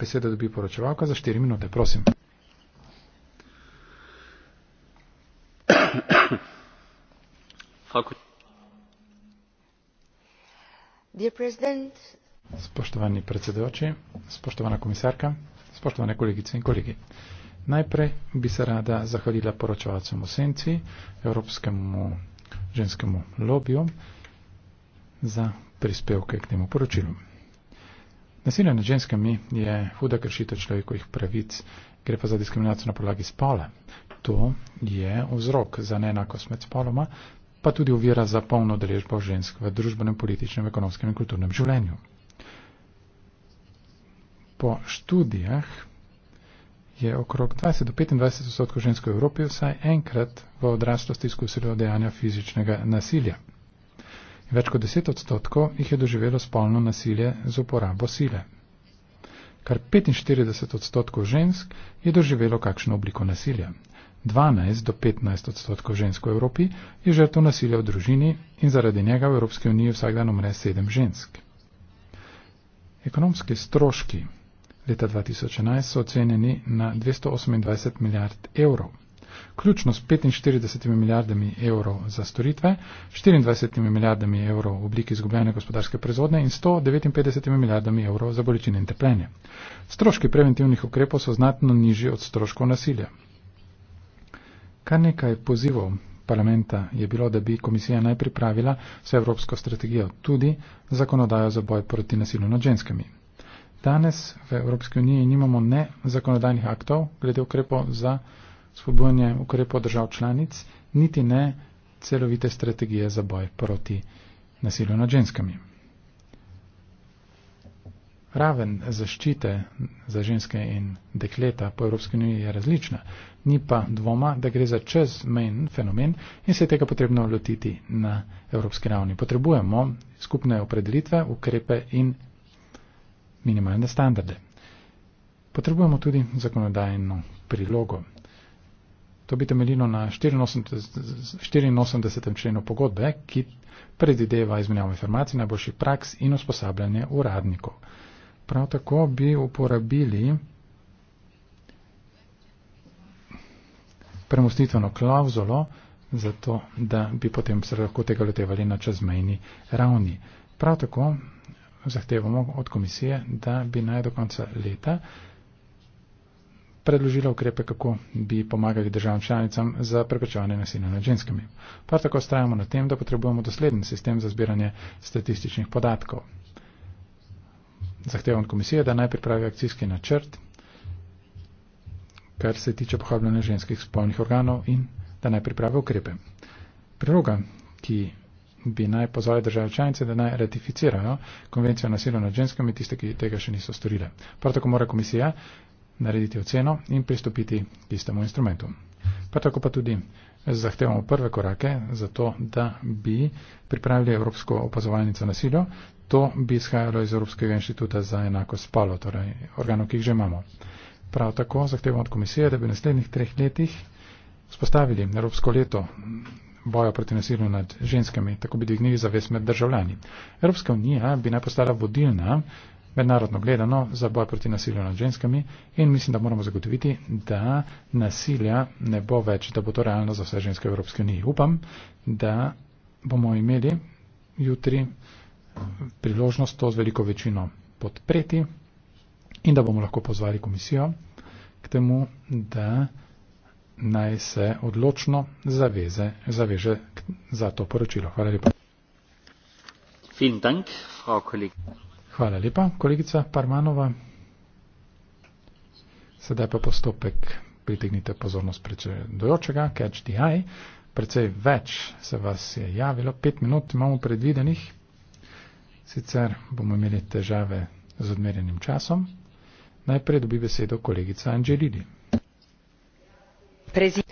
Besedo dobi poročevalka za 4 minute, prosim. Spoštovani predsedujoči, spoštovana komisarka, spoštovane kolegice in kolegi. Najprej bi se rada zahvalila poročevalcem v Senci, Evropskemu ženskemu lobiju, za prispevke k temu poročilu. Nasilje nad ženskami je huda kršitev človekovih pravic, gre pa za diskriminacijo na podlagi spola. To je vzrok za neenakost med spoloma, pa tudi uvira za polno deležbo žensk v družbenem, političnem, ekonomskem in kulturnem življenju. Po študijah je okrog 20 do 25 odstotkov žensk v Evropi vsaj enkrat v odraslosti izkusilo dejanja fizičnega nasilja. Več kot 10 odstotkov jih je doživelo spolno nasilje z uporabo sile. Kar 45 odstotkov žensk je doživelo kakšno obliko nasilja. 12 do 15 odstotkov žensk v Evropi je žrtev nasilja v družini in zaradi njega v Evropski uniji vsak dan umre 7 žensk. Ekonomski stroški leta 2011 so ocenjeni na 228 milijard evrov vključno s 45 milijardami evrov za storitve, 24 milijardami evrov v obliki izgubljene gospodarske prezodne in 159 milijardami evrov za bolečine in tepljenje. Stroški preventivnih ukrepov so znatno nižji od stroškov nasilja. Kar nekaj pozivov parlamenta je bilo, da bi komisija naj pripravila vse evropsko strategijo, tudi zakonodajo za boj proti nasilju nad ženskami. Danes v Evropski uniji nimamo ne zakonodajnih aktov glede ukrepov za spodbujanje ukrepov držav članic, niti ne celovite strategije za boj proti nasilju nad ženskami. Raven zaščite za ženske in dekleta po Evropski uniji je različna, ni pa dvoma, da gre za čezmejn fenomen in se je tega potrebno lotiti na evropski ravni. Potrebujemo skupne opredelitve, ukrepe in minimalne standarde. Potrebujemo tudi zakonodajno prilogo. To bi temeljilo na 84, 84. členu pogodbe, ki predideva izmenjavo informacij, najboljših praks in usposabljanje uradnikov. Prav tako bi uporabili premustitveno klauzulo, zato da bi potem se lahko tega lotevali na čezmejni ravni. Prav tako zahtevamo od komisije, da bi naj do konca leta predložila ukrepe, kako bi pomagali državam članicam za preprečevanje nasilja nad ženskami. Prav tako ostajamo na tem, da potrebujemo dosleden sistem za zbiranje statističnih podatkov. Zahtevam komisije, da naj pripravi akcijski načrt, kar se tiče pohabljanja ženskih spolnih organov in da naj pripravi ukrepe. Priloga, ki bi naj pozvali države članice, da naj ratificirajo konvencijo o nasilju nad ženskami, tiste, ki tega še niso storile. Prav tako mora komisija narediti oceno in pristopiti k istemu instrumentu. Pa tako pa tudi zahtevamo prve korake za to, da bi pripravili Evropsko opazovalnico nasilja. To bi izhajalo iz Evropskega inštituta za enakost spalo, torej organov, ki jih že imamo. Prav tako zahtevamo od komisije, da bi v naslednjih treh letih spostavili Evropsko leto boja proti nasilju nad ženskami, tako bi dvignili zaves med državljani. Evropska unija bi naj postala vodilna mednarodno gledano za boj proti nasilju nad ženskami in mislim, da moramo zagotoviti, da nasilja ne bo več, da bo to realno za vse ženske v Evropski uniji. Upam, da bomo imeli jutri eh, priložnost to z veliko večino podpreti in da bomo lahko pozvali komisijo k temu, da naj se odločno zaveze, zaveže za to poročilo. Hvala lepa. Vielen Dank, Frau Kollegin. Hvala lepa, kolegica Parmanova. Sedaj pa postopek, pritegnite pozornost predsedujočega, catch the eye. Predvsej več se vas je javilo, pet minut imamo predvidenih, sicer bomo imeli težave z odmerjenim časom. Najprej dobi besedo kolegica Angelidi. Prezi.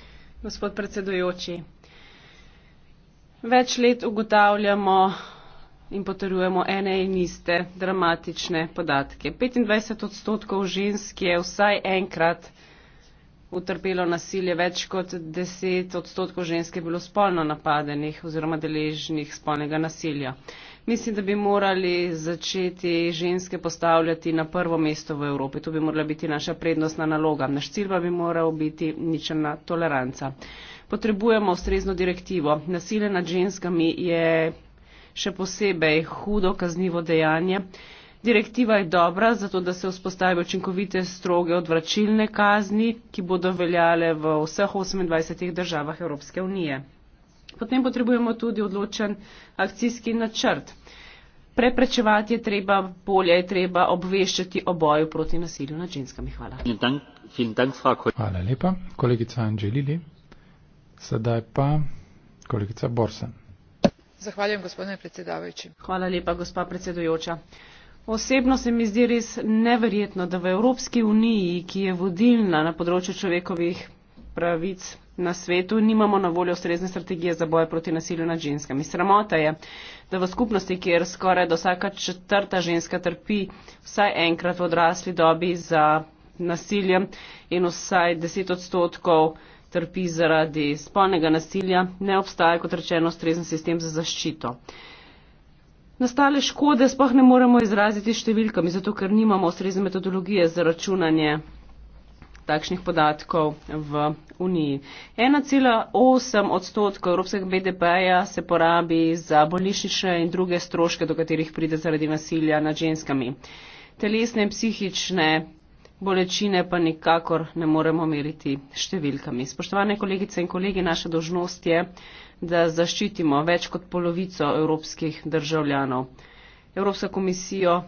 Gospod predsedujoči, več let ugotavljamo in potrjujemo ene in iste dramatične podatke. 25 odstotkov žensk je vsaj enkrat utrpelo nasilje, več kot 10 odstotkov žensk je bilo spolno napadenih oziroma deležnih spolnega nasilja. Mislim, da bi morali začeti ženske postavljati na prvo mesto v Evropi. To bi morala biti naša prednostna naloga. Naš cilj pa bi moral biti ničena toleranca. Potrebujemo ustrezno direktivo. Nasilje nad ženskami je še posebej hudo kaznivo dejanje. Direktiva je dobra, zato da se vzpostavijo učinkovite stroge odvračilne kazni, ki bodo veljale v vseh 28 državah Evropske unije. Potem potrebujemo tudi odločen akcijski načrt. Preprečevati je treba, bolje je treba obveščati o boju proti nasilju nad ženskami. Hvala. Hvala lepa, kolegica Anželili. Sedaj pa kolegica Borsen osebno se mi zdi res neverjetno da v evropski uniji ki je vodilna na področju človekovih pravic na svetu nimamo na voljo ustrezne strategije za boj proti nasilju nad ženskami. sramota je da v skupnosti kjer skoraj da vsaka četrta ženska trpi vsaj enkrat v odrasli dobi za nasiljem in vsaj deset odstotkov trpi zaradi spolnega nasilja, ne obstaja, kot rečeno, strezen sistem za zaščito. Nastale škode spoh ne moremo izraziti številkami, zato ker nimamo strezne metodologije za računanje takšnih podatkov v Uniji. 1,8 odstotkov evropskega BDP-ja se porabi za bolnišnične in druge stroške, do katerih pride zaradi nasilja nad ženskami. Telesne in psihične bolečine pa nikakor ne moremo meriti številkami. Spoštovane kolegice in kolegi, naša dožnost je, da zaščitimo več kot polovico evropskih državljanov. Evropska komisijo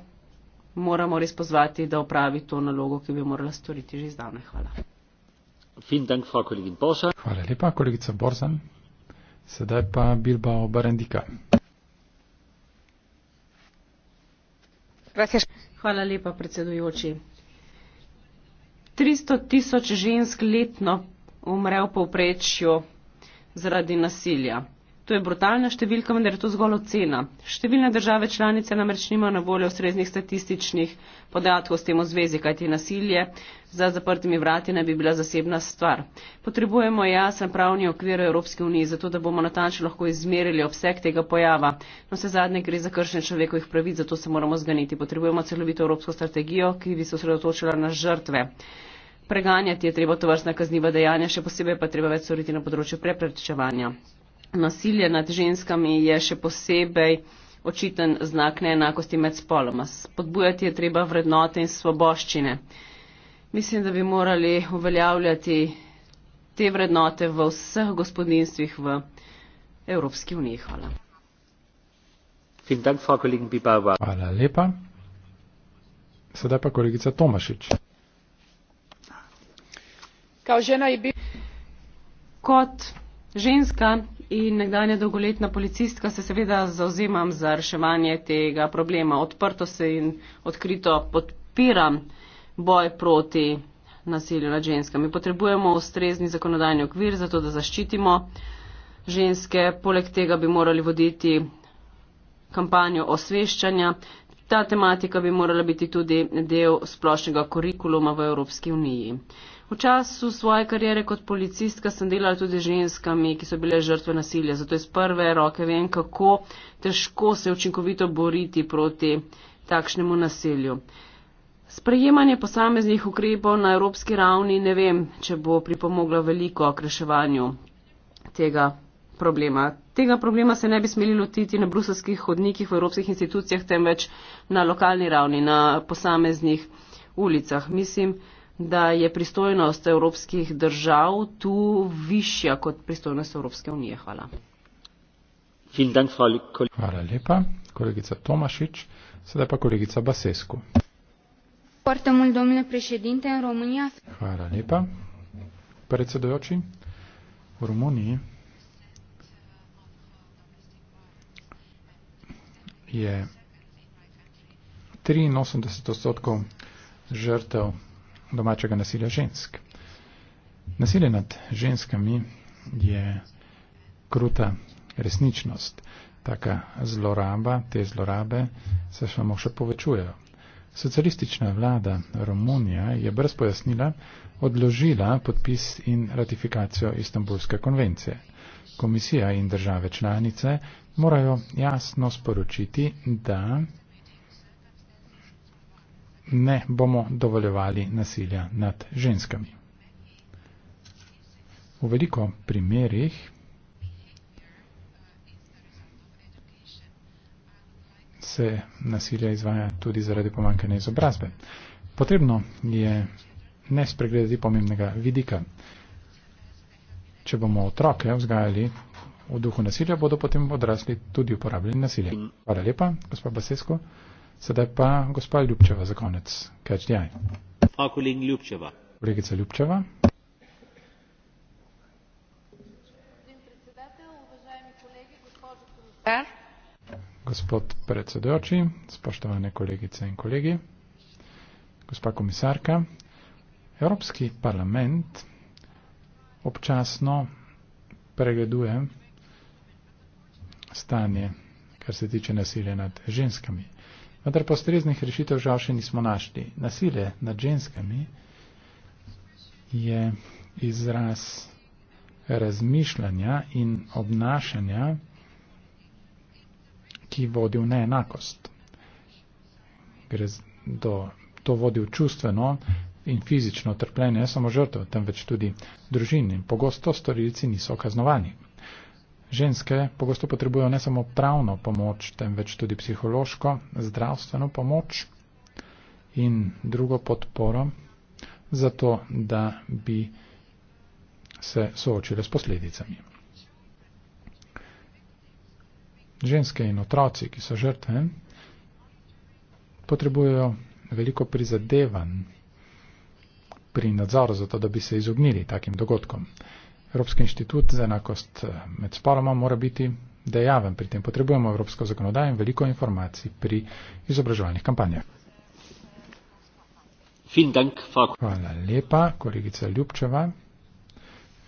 moramo res pozvati, da opravi to nalogo, ki bi morala storiti že zdavne. Hvala. Hvala lepa, kolegica Borzan. Sedaj pa Bilbao Barendika. Hvala lepa, predsedujoči. 300 tisoč žensk letno umre v povprečju zaradi nasilja. To je brutalna številka, vendar je to zgolj ocena. Številne države članice namreč nimajo na voljo ustreznih statističnih podatkov s tem v zvezi, kajti nasilje za zaprtimi vrati naj bi bila zasebna stvar. Potrebujemo jasen pravni okvir Evropske unije, zato da bomo natančno lahko izmerili obseg tega pojava. No se zadnje gre za kršenje človekovih pravic, zato se moramo zganiti. Potrebujemo celovito evropsko strategijo, ki bi se osredotočila na žrtve. Preganjati je treba to vrstna kazniva dejanja, še posebej pa treba več storiti na področju preprečevanja. Nasilje nad ženskami je še posebej očiten znak neenakosti med spoloma. Spodbujati je treba vrednote in svoboščine. Mislim, da bi morali uveljavljati te vrednote v vseh gospodinstvih v Evropski uniji. Hvala. Hvala lepa. Sedaj pa kolegica Tomašič. Kot ženska in nekdanja dolgoletna policistka se seveda zauzemam za reševanje tega problema. Odprto se in odkrito podpiram boj proti nasilju nad ženskami. Potrebujemo ustrezni zakonodajni okvir za to, da zaščitimo ženske. Poleg tega bi morali voditi kampanjo osveščanja, Ta tematika bi morala biti tudi del splošnega kurikuluma v Evropski uniji. V času svoje kariere kot policistka sem delala tudi z ženskami, ki so bile žrtve nasilja, zato iz prve roke vem, kako težko se učinkovito boriti proti takšnemu nasilju. Sprejemanje posameznih ukrepov na evropski ravni ne vem, če bo pripomoglo veliko k reševanju tega problema, tega problema se ne bi smeli lotiti na bruselskih hodnikih v evropskih institucijah, temveč na lokalni ravni, na posameznih ulicah. Mislim, da je pristojnost evropskih držav tu višja kot pristojnost Evropske unije. Hvala. Hvala lepa, kolegica Tomašič. Sedaj pa kolegica Basescu. Hvala lepa, predsedojoči. V Romuniji je 83 odstotkov žrtev domačega nasilja žensk. Nasilje nad ženskami je kruta resničnost. Taka zloraba, te zlorabe se samo še povečujejo. Socialistična vlada Romunija je brez pojasnila odložila podpis in ratifikacijo Istanbulske konvencije. Komisija in države članice morajo jasno sporočiti, da ne bomo dovoljevali nasilja nad ženskami. V veliko primerih se nasilje izvaja tudi zaradi pomankanja izobrazbe. Potrebno je ne spregledati pomembnega vidika če bomo otroke vzgajali v duhu nasilja, bodo potem odrasli tudi uporabljali nasilje. Hvala lepa, gospa Basesko. Sedaj pa gospa Ljubčeva za konec. Kaj ti je? Kolegica Ljubčeva. Gospod predsedojoči, spoštovane kolegice in kolegi, gospa komisarka, Evropski parlament občasno pregledujem stanje, kar se tiče nasilja nad ženskami. Vendar postreznih rešitev žal še nismo našli. Nasilje nad ženskami je izraz razmišljanja in obnašanja, ki vodi v neenakost. Gre do, to vodi v čustveno in fizično trpljenje ne samo žrtev, temveč tudi družin in pogosto storilci niso kaznovani. Ženske pogosto potrebujejo ne samo pravno pomoč, temveč tudi psihološko, zdravstveno pomoč in drugo podporo, zato da bi se soočile s posledicami. Ženske in otroci, ki so žrtve, potrebujejo veliko prizadevanj pri nadzoru, zato da bi se izognili takim dogodkom. Evropski inštitut za enakost eh, med spoloma mora biti dejaven pri tem. Potrebujemo evropsko zakonodajo in veliko informacij pri izobraževalnih kampanjah. Hvala lepa, kolegica Ljubčeva.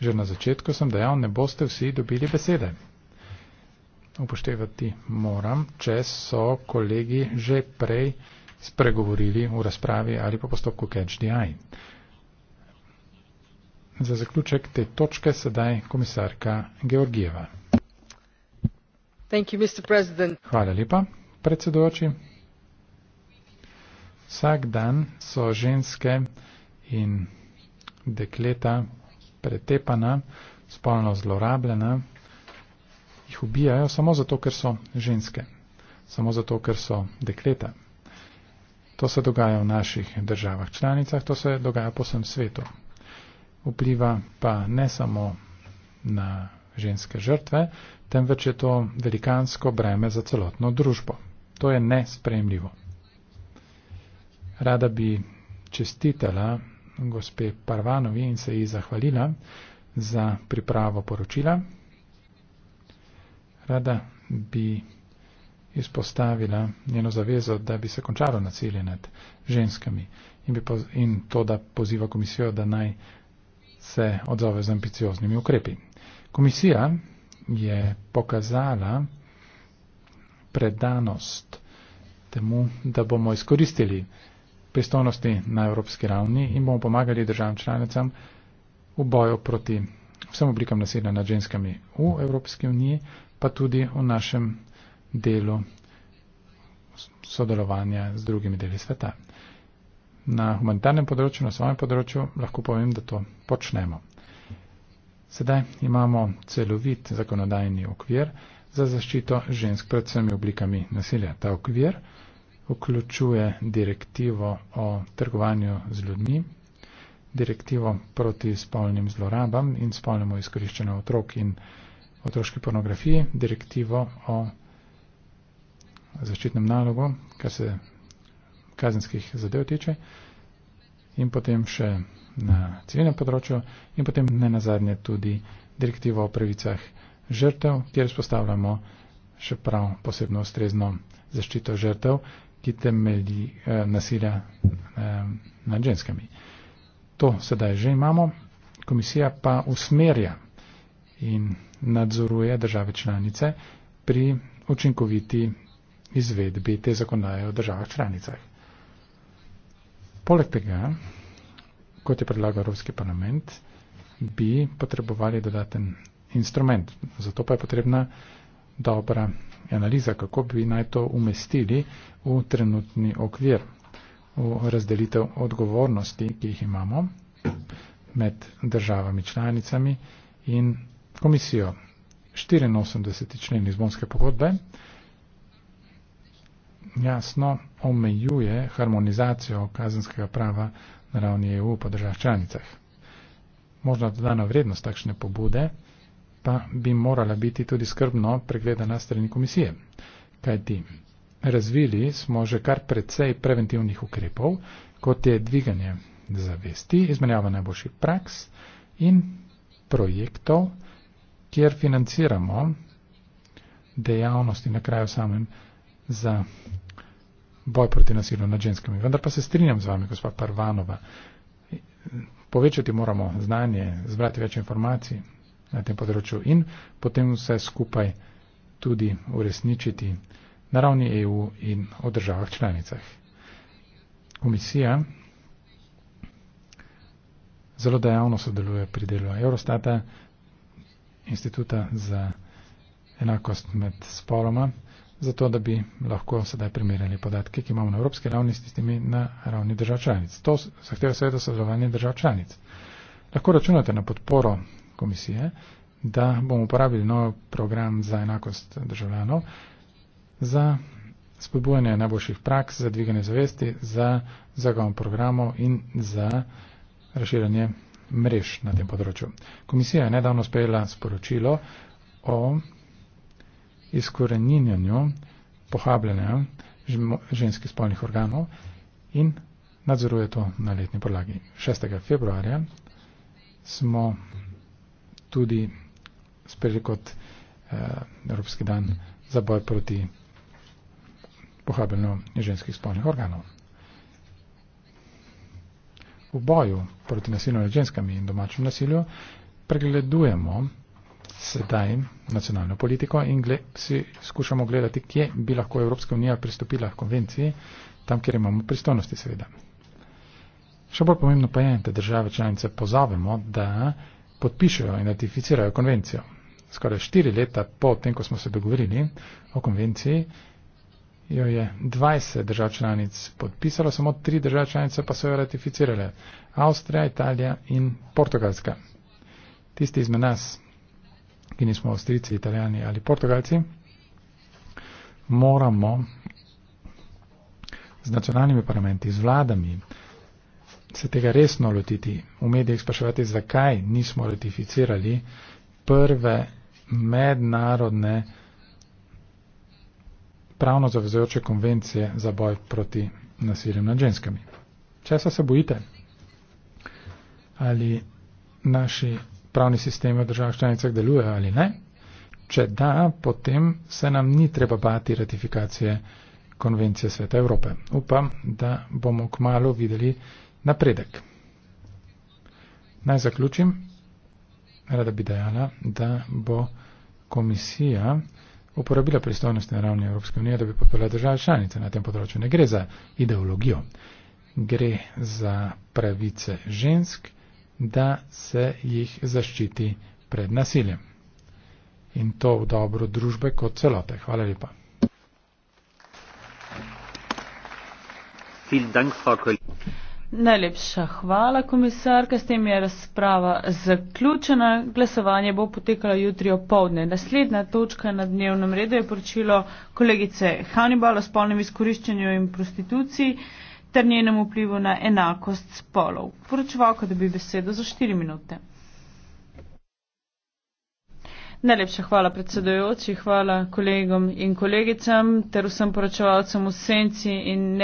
Že na začetku sem dejal, ne boste vsi dobili besede. Upoštevati moram, če so kolegi že prej spregovorili v razpravi ali po postopku catch the eye. Za zaključek te točke sedaj komisarka Georgijeva. Hvala lepa, predsedujoči. Vsak dan so ženske in dekleta pretepana, spolno zlorabljena, jih ubijajo samo zato, ker so ženske, samo zato, ker so dekleta. To se dogaja v naših državah članicah, to se dogaja po vsem svetu vpliva pa ne samo na ženske žrtve, temveč je to velikansko breme za celotno družbo. To je nespremljivo. Rada bi čestitela gospe Parvanovi in se ji zahvalila za pripravo poročila. Rada bi izpostavila njeno zavezo, da bi se končalo nasilje nad ženskami in, bi poz, in to, da poziva komisijo, da naj se odzove z ambicioznimi ukrepi. Komisija je pokazala predanost temu, da bomo izkoristili pristojnosti na evropski ravni in bomo pomagali državam članicam v boju proti vsem oblikam nasilja nad ženskami v Evropski uniji, pa tudi v našem delu sodelovanja z drugimi deli sveta na humanitarnem področju, na svojem področju, lahko povem, da to počnemo. Sedaj imamo celovit zakonodajni okvir za zaščito žensk pred vsemi oblikami nasilja. Ta okvir vključuje direktivo o trgovanju z ljudmi, direktivo proti spolnim zlorabam in spolnemu izkoriščanju otrok in otroški pornografiji, direktivo o zaščitnem nalogu, kar se kazenskih zadev tiče, in potem še na civilnem področju, in potem ne nazadnje tudi direktivo o pravicah žrtev, kjer spostavljamo še prav posebno ustrezno zaščito žrtev, ki temelji eh, nasilja eh, nad ženskami. To sedaj že imamo, komisija pa usmerja in nadzoruje države članice pri učinkoviti izvedbi te zakonodaje v državah članicah. Poleg tega, kot je predlagal Evropski parlament, bi potrebovali dodaten instrument. Zato pa je potrebna dobra analiza, kako bi naj to umestili v trenutni okvir, v razdelitev odgovornosti, ki jih imamo med državami članicami in komisijo. 84. člen izbonske pogodbe jasno omejuje harmonizacijo kazenskega prava na ravni EU po državah članicah. Možna dodana vrednost takšne pobude pa bi morala biti tudi skrbno pregledana strani komisije. Kajti razvili smo že kar precej preventivnih ukrepov, kot je dviganje zavesti, izmenjava najboljših praks in projektov, kjer financiramo dejavnosti na kraju samem za boj proti nasilju nad ženskami. Vendar pa se strinjam z vami, gospa Parvanova. Povečati moramo znanje, zbrati več informacij na tem področju in potem vse skupaj tudi uresničiti na ravni EU in o državah članicah. Komisija zelo dejavno sodeluje pri delu Eurostata, Instituta za enakost med spoloma zato da bi lahko sedaj primerjali podatke, ki imamo na evropski ravni s tistimi na ravni držav članic. To zahteva seveda sodelovanje držav članic. Lahko računate na podporo komisije, da bomo uporabili nov program za enakost državljanov, za spodbujanje najboljših praks, za dviganje zavesti, za zagon programov in za raširanje mrež na tem področju. Komisija je nedavno sprejela sporočilo o izkoreninjanju pohabljanja ženskih spolnih organov in nadzoruje to na letni podlagi. 6. februarja smo tudi sprejeli kot eh, Evropski dan za boj proti pohabljanju ženskih spolnih organov. V boju proti nasilju nad ženskami in domačem nasilju pregledujemo sedaj nacionalno politiko in gle, si skušamo gledati, kje bi lahko Evropska unija pristopila k konvenciji, tam, kjer imamo pristojnosti, seveda. Še bolj pomembno pa je, da države članice pozovemo, da podpišejo in ratificirajo konvencijo. Skoraj štiri leta po tem, ko smo se dogovorili o konvenciji, jo je 20 držav članic podpisalo, samo tri države članice pa so jo ratificirale. Avstrija, Italija in Portugalska. Tisti izmed nas, ki nismo avstrijci, italijani ali portugalci, moramo z nacionalnimi parlamenti, z vladami, se tega resno lotiti, v medijih spraševati, zakaj nismo ratificirali prve mednarodne pravno zavezojoče konvencije za boj proti nasilju nad ženskami. Česa se bojite? Ali naši pravni sistemi v državah članicah delujejo ali ne. Če da, potem se nam ni treba bati ratifikacije konvencije Sveta Evrope. Upam, da bomo kmalo videli napredek. Naj zaključim. Rada bi dejala, da bo komisija uporabila pristojnosti na ravni Evropske unije, da bi popela države članice na tem področju. Ne gre za ideologijo, gre za pravice žensk da se jih zaščiti pred nasiljem. In to v dobro družbe kot celote. Hvala lepa. Najlepša hvala, komisarka. S tem je razprava zaključena. Glasovanje bo potekalo jutri o povdne. Naslednja točka na dnevnem redu je poročilo kolegice Hannibal o spolnem izkoriščenju in prostituciji ter njenem vplivu na enakost spolov. Poročevalka dobi besedo za 4 minute. Najlepša hvala predsedojoči, hvala kolegom in kolegicam ter vsem poročevalcem v senci in